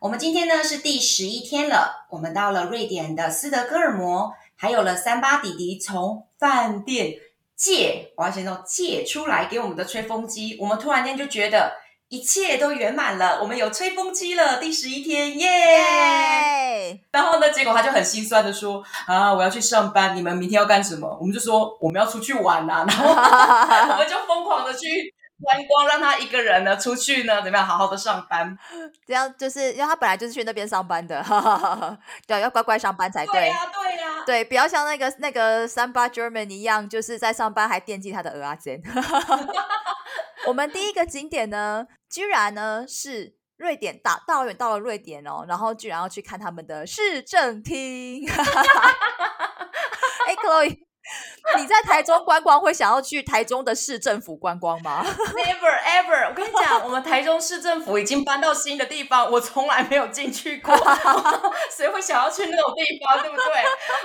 我們今天呢是第十一天了，我們到了瑞典的斯德哥爾摩，還有了三八弟弟從飯店借，王先生借出來給我們的吹風機，我們突然間就覺得一切都圓滿了，我們有吹風機了，第十一天，耶、yeah! yeah!！然後呢，結果他就很心酸的說啊，我要去上班，你們明天要幹什麼？我們就說我們要出去玩啊，然後我們就瘋狂的去。觀光，讓他一個人呢出去呢，怎麼樣？好好的上班，這樣，就是因為他本來就是去那邊上班的， 對，要乖乖上班才對。對呀、啊，對呀、啊，對，不要像那個那個三八 German 一樣，就是在上班還惦記他的蚵仔煎哈哈哈，我們第一個景點呢，居然呢是瑞典，大老遠到了瑞典哦，然後居然要去看他們的市政廳。哎、 欸、，Chloe。那你在台中觀光會想要去台中的市政府觀光嗎？Never ever！我跟你講，我們台中市政府已經搬到新的地方，我從來沒有進去過， 誰會想要去那種地方，對不對？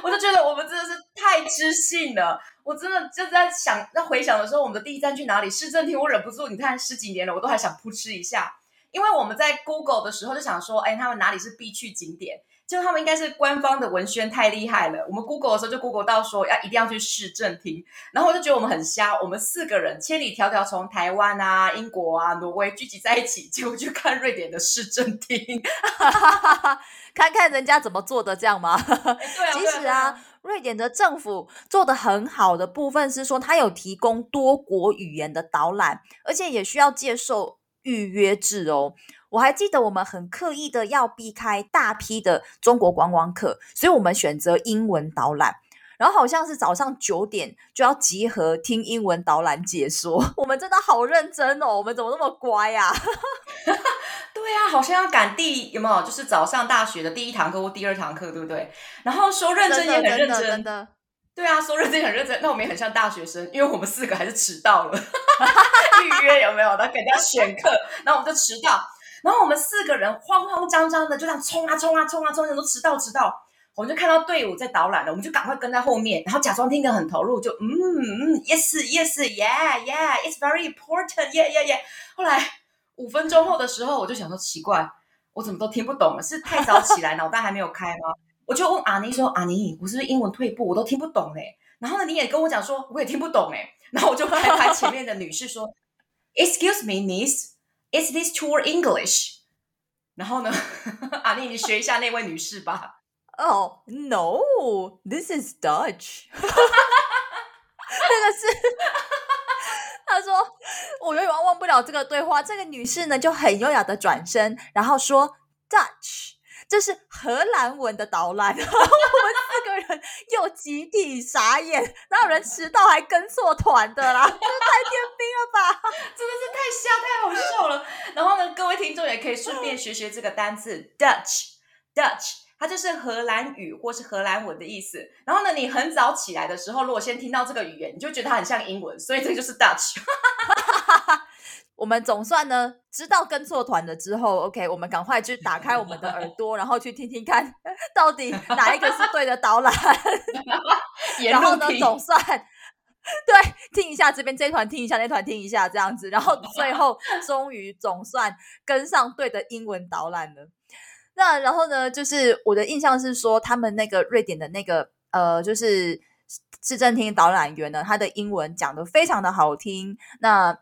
我就覺得我們真的是太知性了。我真的就在想，在回想的時候，我們的第一站去哪裡？市政廳，我忍不住，你看十幾年了，我都還想撲哧一下。因為我們在 Google 的時候就想說，誒、哎、他們哪裡是必去景點？就他們應該是官方的文宣太厲害了。我們 Google 的時候就 Google 到說要一定要去市政廳，然後我就覺得我們很瞎。我們四個人千里迢迢從台灣啊、英國啊、挪威聚集在一起，就去看瑞典的市政廳， 看看人家怎麼做的這樣嗎？其、哎、實啊、啊、啊，瑞典的政府做得很好的部分是說，它有提供多國語言的導覽，而且也需要接受預約製哦，我還記得我們很刻意的要避開大批的中國觀光客，所以我們選擇英文導覽，然後好像是早上九點就要集合聽英文導覽解說， 我們真的好認真哦，我們怎麼那麼乖呀、啊？ 對呀、啊，好像要趕第有沒有？就是早上大學的第一堂課或第二堂課，對不對？然後說認真也很認真。真的真的真的對啊，說認真很認真，那我們也很像大學生，因為我們四個還是遲到了。 預約有沒有？然後給人家選課， 然後我們就遲到，然後我們四個人慌慌張張的就這樣衝啊衝啊衝啊衝啊衝啊，人都遲到遲到。我們就看到隊伍在導覽了，我們就趕快跟在後面，然後假裝聽得很投入，就嗯嗯，yes yes yeah yeah，it's very important yeah yeah yeah。後來五分鐘後的時候，我就想說奇怪，我怎麼都聽不懂了？是不是太早起來， 腦袋還沒有開嗎？我就問阿妮說：“阿妮，там, 我是不是英文退步，我都聽不懂哎？”然後呢，你也跟我講說，我也聽不懂哎。然後我就拍拍前面的女士說 ：“Excuse me, Miss, is this tour English？” 然後呢，阿 妮，你學一下那位女士吧。Brilliant oh no, this is Dutch。 那個是， 她說，我永遠忘不了這個對話。這個女士呢，就很優雅的轉身，然後說。就是荷蘭文的導覽，然 後我們四個人又集體傻眼，哪有人遲到還跟錯團的啦？太丟臉了吧！真的是太瞎， 太好笑了。然後呢，各位聽眾也可以順便學學這個單字 Dutch，Dutch，它就是荷蘭語或是荷蘭文的意思。然後呢，你很早起來的時候，如果先聽到這個語言，你就覺得它很像英文，所以這個就是 Dutch。 我們總算呢，知道跟錯團了之後，OK，我們趕快去打開我們的耳朵， 然後去聽聽看，到底哪一個是對的導覽。 然後，然後呢，總算對聽一下這邊這一團，聽一下那團，聽一下這樣子，然後最後終於總算跟上對的英文導覽了。 那然後呢，就是我的印象是說，他們那個瑞典的那個呃，就是市政廳導覽員員呢，他的英文講得非常的好聽。那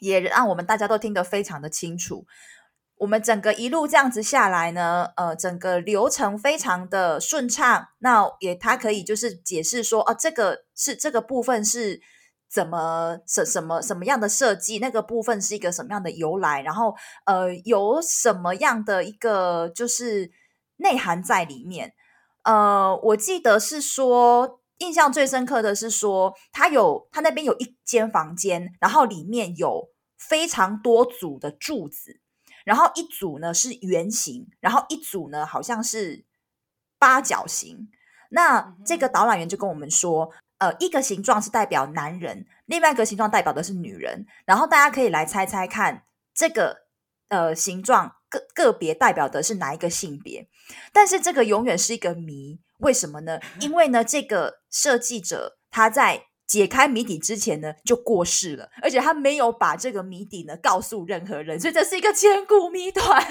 也讓我們大家都聽得非常的清楚。我們整個一路這樣子下來呢，呃，整個流程非常的順暢。那也他可以就是解釋說，啊，這個是這個部分是怎麼什什麼什麼樣的設計，那個部分是一個什麼樣的由來，然後呃，有什麼樣的一個就是內涵在裡面。呃，我記得是說。印象最深刻的是說，他有他那邊有一間房間，然後裡面有非常多組的柱子，然後一組呢是圓形，然後一組呢好像是八角形。那這個導覽員就跟我們說，呃，一個形狀是代表男人，另外一個形狀代表的是女人。然後大家可以來猜猜看，這個呃形狀個個別代表的是哪一個性別？但是這個永遠是一個謎。為什麼呢？因為呢，這個設計者他在解開謎底之前呢，就過世了，而且他沒有把這個謎底呢告訴任何人，所以這是一個千古謎團。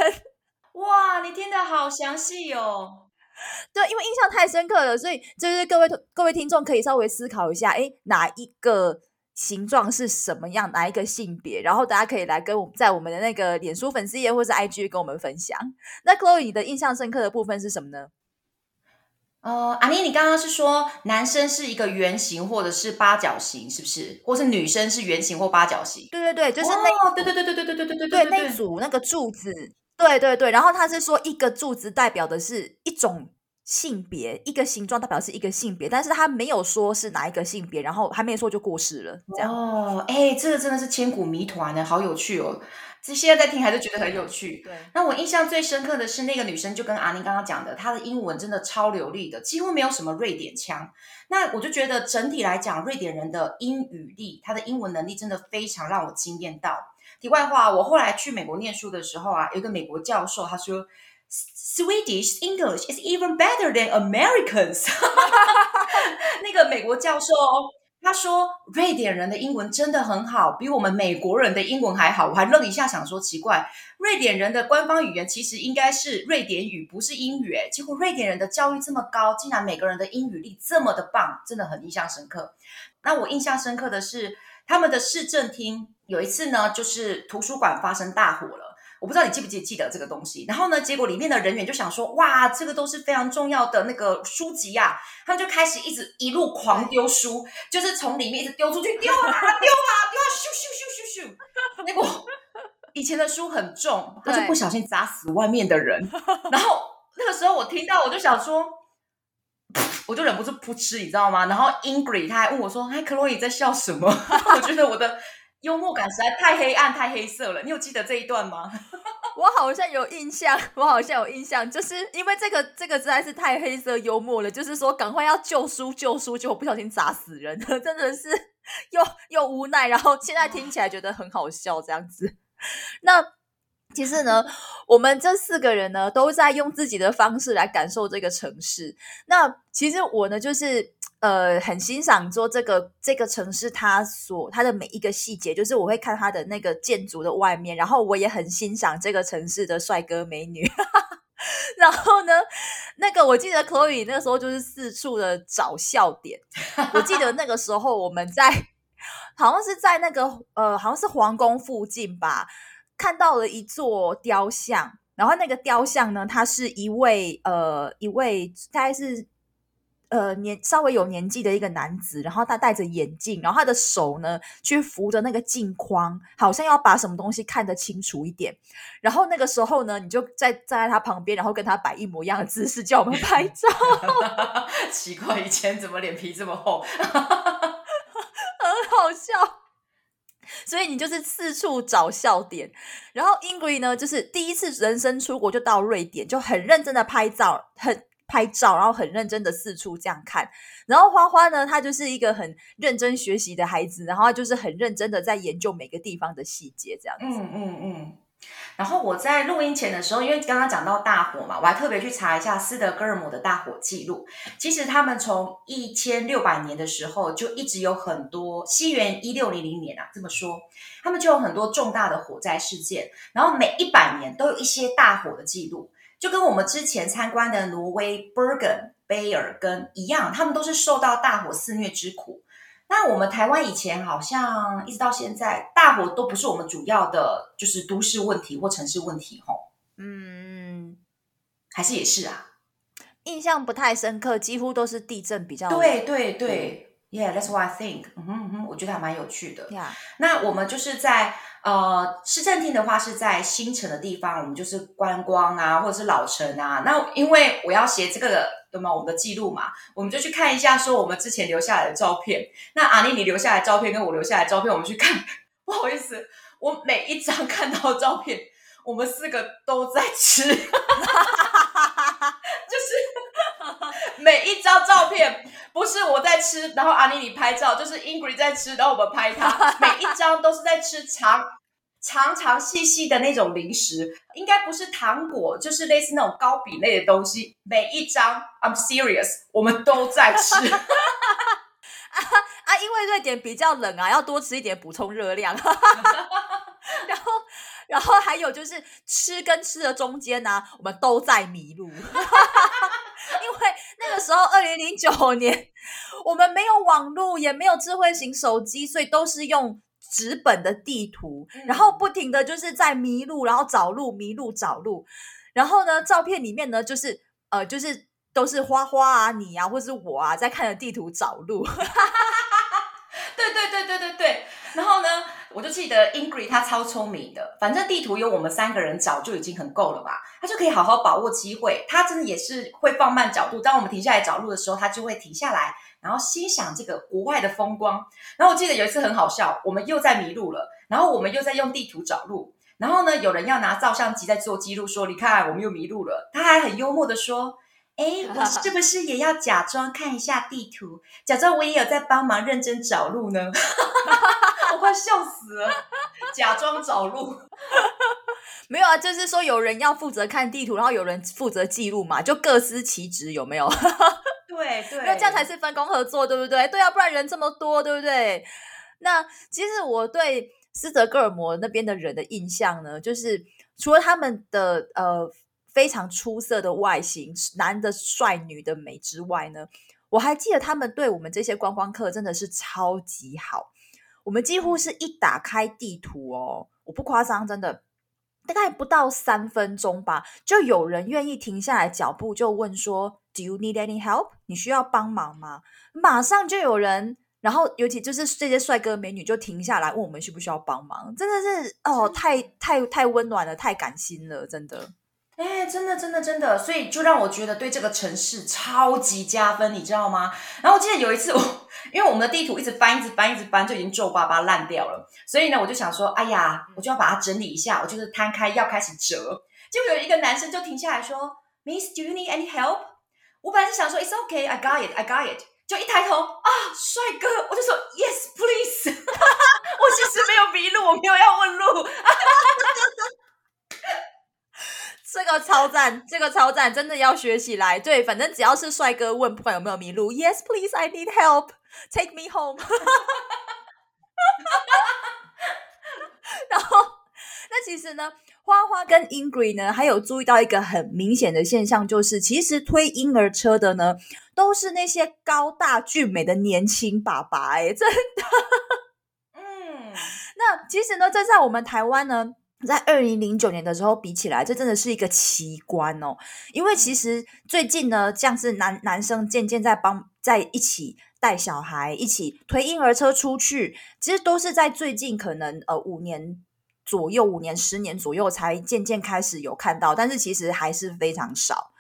哇，你聽得好詳細哦！對，因為印象太深刻了，所以就是各位各位聽眾可以稍微思考一下，誒，哪一個形狀是什麼樣，哪一個性別，然後大家可以來跟我在我們的那個臉書粉絲頁或者是 IG 跟我們分享。那 Chloe，你的印象深刻的部分是什麼呢？呃，阿妮，你剛剛是說男生是一個圓形或者是八角形，是不是？或是女生是圓形或八角形？對對對，就是那，哦，對對對對對對對對對，對，對，那組那個柱子，對對對，然後他是說一個柱子代表的是一種。性別，一個形狀代表是一個性別，但是他沒有說是哪一個性別，然後還沒說就過世了。這樣哦，哎、欸，這個真的是千古謎團呢，好有趣哦！其實現在在聽還是覺得很有趣。對，那我印象最深刻的是那個女生，就跟阿寧剛剛講的，她的英文真的超流利的，幾乎沒有什麼瑞典腔。那我就覺得整體來講，瑞典人的英語力，她的英文能力真的非常讓我驚豔到。題外話，我後來去美國念書的時候啊，有一個美國教授他說。Swedish English is even better than Americans。 那個美國教授哦，他說，瑞典人的英文真的很好，比我們美國人的英文還好。我還愣一下，想說奇怪，瑞典人的官方語言其實應該是瑞典語，不是英語。誒結果瑞典人的教育這麼高，竟然每個人的英語力這麼的棒，真的很印象深刻。那我印象深刻的是，他們的市政廳有一次呢，就是圖書館發生大火了。我不知道你記不記記得這個東西，然後呢，結果裡面的人員就想說，哇，這個都是非常重要的那個書籍呀、啊，他們就開始一直一路狂丟書，就是從裡面一直丟出去，丟啊丟啊丟啊，丟啊丟啊咻，咻咻咻咻咻，結果以前的書很重，他就不小心砸死外面的人。然後那個時候我聽到，我就想說，我就忍不住噗嗤，你知道嗎？然後 Ingrid 他還問我說，哎，Chloe 在笑什麼？ 我覺得我的。幽默感實在太黑暗，太黑色了。你有記得這一段嗎？ 我好像有印象，我好像有印象，就是因為這個，這個實在是太黑色幽默了。就是說，趕快要救書，救書，結果不小心砸死人了，真的是又又無奈。然後現在聽起來覺得很好笑，這樣子。那其實呢，我們這四個人呢，都在用自己的方式來感受這個城市。那其實我呢，就是。呃，很欣賞說這個這個城市，它所它的每一個細節，就是我會看它的那個建築的外面，然後我也很欣賞這個城市的帥哥美女。 然後呢，那個我記得 Chloe 那時候就是四處的找笑點。 我記得那個時候我們在好像是在那個呃好像是皇宮附近吧，看到了一座雕像，然後那個雕像呢，它是一位呃一位大概是。呃，年稍微有年紀的一個男子，然後他戴着眼鏡，然後他的手呢去扶着那個鏡框，好像要把什麼東西看得清楚一點。然後那個時候呢，你就在站在他旁邊，然後跟他擺一模一樣的姿勢，叫我們拍照。 奇怪，以前怎麼臉皮這麼厚？ 很好笑。所以你就是四處找笑點。然後 Ingrid 呢，就是第一次人生出國，就到瑞典，就很認真的拍照，很。拍照，然後很認真的四處這樣看，然後花花呢，她就是一個很認真學習的孩子，然後她就是很認真的在研究每個地方的細節，這樣子。嗯嗯嗯。然後我在錄音前的時候，因為剛剛講到大火嘛，我還特別去查一下斯德哥爾摩的大火記錄。其實他們從一千六百年的時候就一直有很多，西元一六零零年啊這麼說，他們就有很多重大的火災事件，然後每一百年都有一些大火的記錄。就跟我們之前參觀的挪威 Bergen 貝爾根一樣，他們都是受到大火肆虐之苦。那我們台灣以前好像一直到現在，大火都不是我們主要的，就是都市問題或城市問題，吼。嗯，還是也是啊，印象不太深刻，幾乎都是地震比較多。對對對。對 Yeah, that's what I think. 嗯、mm -hmm, mm -hmm, 我覺得還蠻有趣的。Yeah. 那我們就是在呃市政廳的話是在新城的地方，我們就是觀光啊，或者是老城啊。那因為我要寫這個的對嗎？我們的記錄嘛，我們就去看一下說我們之前留下來的照片。那阿妮，你留下來照片跟我留下來照片，我們去看。不好意思，我每一張看到的照片，我們四個都在吃。 每一張照片不是我在吃，然後阿妮妮拍照，就是英 i d 在吃，然後我們拍它每一張都是在吃長長長細細的那種零食，應該不是糖果，就是類似那種糕餅類的東西。每一張，I'm serious，我們都在吃。 啊啊，因為瑞典比較冷啊，要多吃一點補充熱量。 然後，然後還有就是吃跟吃的中間呢、啊，我們都在迷路。 因為那個時候，二零零九年，我們沒有網路，也沒有智慧型手機，所以都是用紙本的地圖，然後不停的就是在迷路，然後找路，迷路找路，然後呢，照片裡面呢，就是呃，就是都是花花啊你啊或是我啊在看着地圖找路， 對對對對對對，然後呢。我就記得 Ingrid 他超聰明的，反正地圖有我們三個人找就已經很夠了吧，他就可以好好把握機會。他真的也是會放慢角度。當我們停下來找路的時候，他就會停下來，然後欣賞這個國外的風光。然後我記得有一次很好笑，我們又在迷路了，然後我們又在用地圖找路，然後呢，有人要拿照相機在做記錄說，說你看我們又迷路了，他還很幽默的說。哎、欸，我是不是也要假裝看一下地圖，假裝我也有在幫忙認真找路呢？ 我快笑死了！假裝找路，沒有啊，就是說有人要負責看地圖，然後有人負責記錄嘛，就各司其職，有沒有？對 對，那這樣才是分工合作，對不對？對啊，不然人這麼多，對不對？那其實我對斯德哥爾摩那邊的人的印象呢，就是除了他們的呃。非常出色的外型，男的帥，女的美之外呢，我還記得他們對我們這些觀光客真的是超級好。我們幾乎是一打開地圖哦，我不誇張，真的，大概不到三分鐘吧，就有人願意停下來腳步，就問說：“Do you need any help？你需要幫忙嗎？”馬上就有人，然後尤其就是這些帥哥美女就停下來問我們需不需要幫忙，真的是哦，太太太溫暖了，太感心了，真的。哎，真的，真的，真的，所以就讓我覺得對這個城市超級加分，你知道嗎？然後我記得有一次我，我因為我們的地圖一直翻，一直翻，一直翻，就已經皺巴巴爛掉了。所以呢，我就想說，哎呀，我就要把它整理一下。我就是攤開要開始折，結、嗯、果有一個男生就停下來說，Miss，Do you need any help？我本來是想說 It's okay，I got it，I got it，就一抬頭啊，oh, 帥哥，我就說 Yes，please。Yes, please. 我其實沒有迷路，我沒有要問路。 這個超讚，這個超讚，真的要學起來。對，反正只要是帥哥問，不管有沒有迷路 ，Yes, please, I need help. Take me home. 然後，那其實呢，花花跟 Ingrid 呢，還有注意到一個很明顯的現象，就是其實推嬰兒車的呢，都是那些高大俊美的年輕爸爸、欸。哎，真的。 嗯，那其實呢，這在我們台灣呢。在二零零九年的時候比起來，這真的是一個奇觀哦。因為其實最近呢，這樣子男男生漸漸在幫，在一起帶小孩，一起推嬰兒車出去，其實都是在最近可能呃五年左右，五年十年左右才漸漸開始有看到，但是其實還是非常少。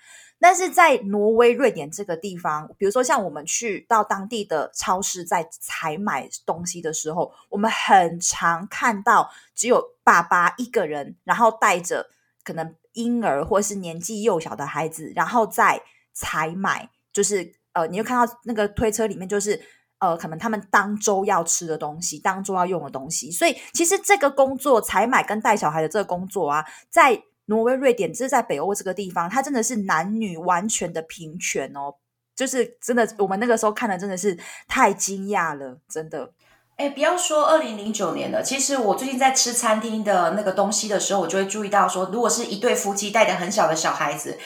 但是在挪威、瑞典這個地方，比如說像我們去到當地的超市，在採買東西的時候，我們很常看到只有爸爸一個人，然後帶着可能嬰兒或是年紀幼小的孩子，然後在採買，就是呃，你又看到那個推車裡面就是呃，可能他們當週要吃的東西，當週要用的東西。所以其實這個工作採買跟帶小孩的這個工作啊，在。挪威、瑞典，只是在北歐這個地方，它真的是男女完全的平權哦，就是真的，我們那個時候看的真的是太驚訝了，真的。哎、欸，不要說二零零九年了，其實我最近在吃餐廳的那個東西的時候，我就會注意到說，說如果是一對夫妻帶著很小的小孩子，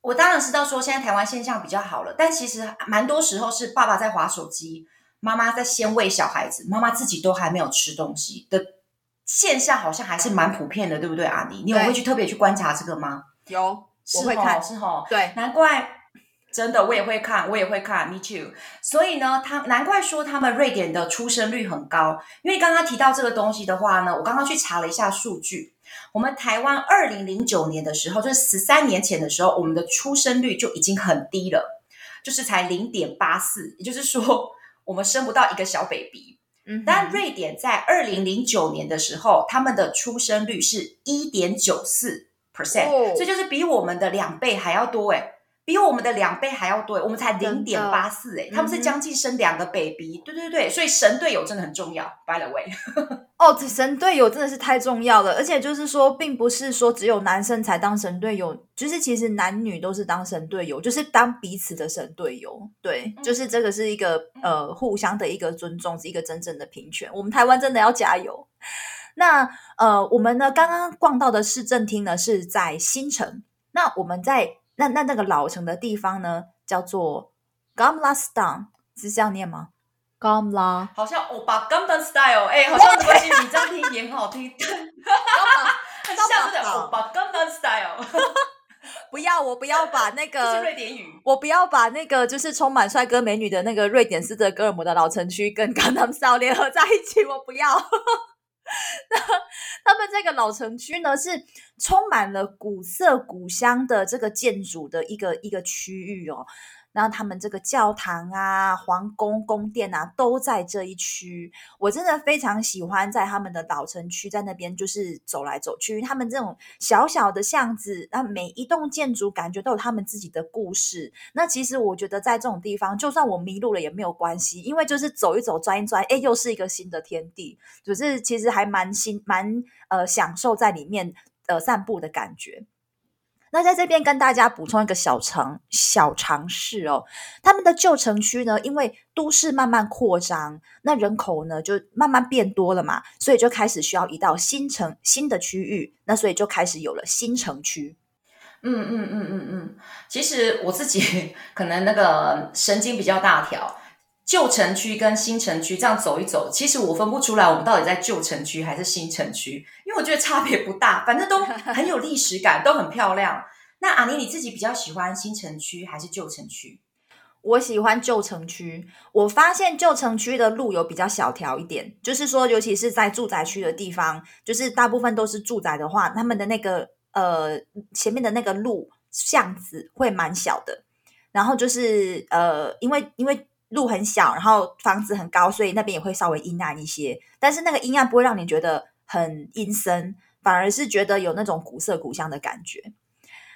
我當然知道說現在台灣現象比較好了，但其實蠻多時候是爸爸在滑手機，媽媽在先餵小孩子，媽媽自己都還沒有吃東西的。線下好像還是蠻普遍的，對不對，阿妮？你有會去特別去觀察這個嗎？有，我會看，是齁，對，難怪，真的，我也會看，我也會看，me too。所以呢，他難怪說他們瑞典的出生率很高，因為剛剛提到這個東西的話呢，我剛剛去查了一下數據，我們台灣二零零九年的時候，就是十三年前的時候，我們的出生率就已經很低了，就是才零點八四，也就是說，我們生不到一個小 baby。但瑞典在二零零九年的時候，他們的出生率是一點九四 percent，所以就是比我們的兩倍還要多誒。比我們的兩倍還要多，我們才零點八四哎，他們是將近生兩個 baby、嗯。對對對，所以神隊友真的很重要。By the way，哦，這神隊友真的是太重要了，而且就是說，並不是說只有男生才當神隊友，就是其實男女都是當神隊友，就是當彼此的神隊友。對，嗯、就是這個是一個呃互相的一個尊重，是一個真正的平權。我們台灣真的要加油。那呃，我們呢剛剛逛到的市政廳呢是在新城，那我們在。那那那個老城的地方呢，叫做 Gamla Stan，是這樣念嗎？Gamla，好像歐巴 Gangnam Style，哎、欸，好像羅傑， 你這樣聽也很好聽，對 很像真的。歐巴 Gangnam Style， 不要，我不要把那個， 是瑞典語，我不要把那個，就是充滿帥哥美女的那個瑞典斯德哥爾摩的老城區跟 Gangnam Style 聯合在一起，我不要。 那 他們這個老城區呢，是充滿了古色古香的這個建築的一個一個區域哦。然後他們這個教堂啊、皇宮、宮殿啊，都在這一區。我真的非常喜歡在他們的老城區，在那邊就是走來走去。他們這種小小的巷子，那每一棟建築感覺都有他們自己的故事。那其實我覺得，在這種地方，就算我迷路了也沒有關係，因為就是走一走、轉一轉，哎、欸，又是一個新的天地。只、就是其實還蠻新、蠻呃，享受在裡面呃散步的感覺。那在這邊跟大家補充一個小常小常識哦，他們的舊城區呢，因為都市慢慢擴張，那人口呢就慢慢變多了嘛，所以就開始需要移到新城新的區域，那所以就開始有了新城區。嗯嗯嗯嗯嗯，其實我自己可能那個神經比較大條。舊城區跟新城區這樣走一走，其實我分不出來，我們到底在舊城區還是新城區，因為我覺得差別不大，反正都很有歷史感， 都很漂亮。那阿妮，你自己比較喜歡新城區還是舊城區？我喜歡舊城區。我發現舊城區的路有比較小條一點，就是說，尤其是在住宅區的地方，就是大部分都是住宅的話，他們的那個呃前面的那個路巷子會蠻小的。然後就是呃，因為因為。路很小，然後房子很高，所以那邊也會稍微陰暗一些。但是那個陰暗不會讓你覺得很陰森，反而是覺得有那種古色古香的感覺。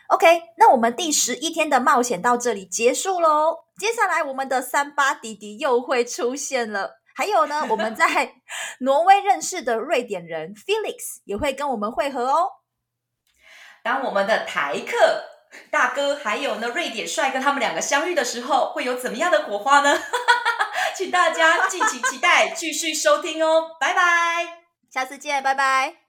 OK，那我們第十一天的冒險到這裡結束嘍。接下來我們的三八弟弟又會出現了，還有呢，我們在挪威認識的瑞典人 Felix 也會跟我們會合哦。當我們的台客。大哥，還有呢，瑞典帥哥，他們兩個相遇的時候會有怎麼樣的火花呢？ 請大家敬請期待，繼 續收聽哦，拜拜，下次見，拜拜。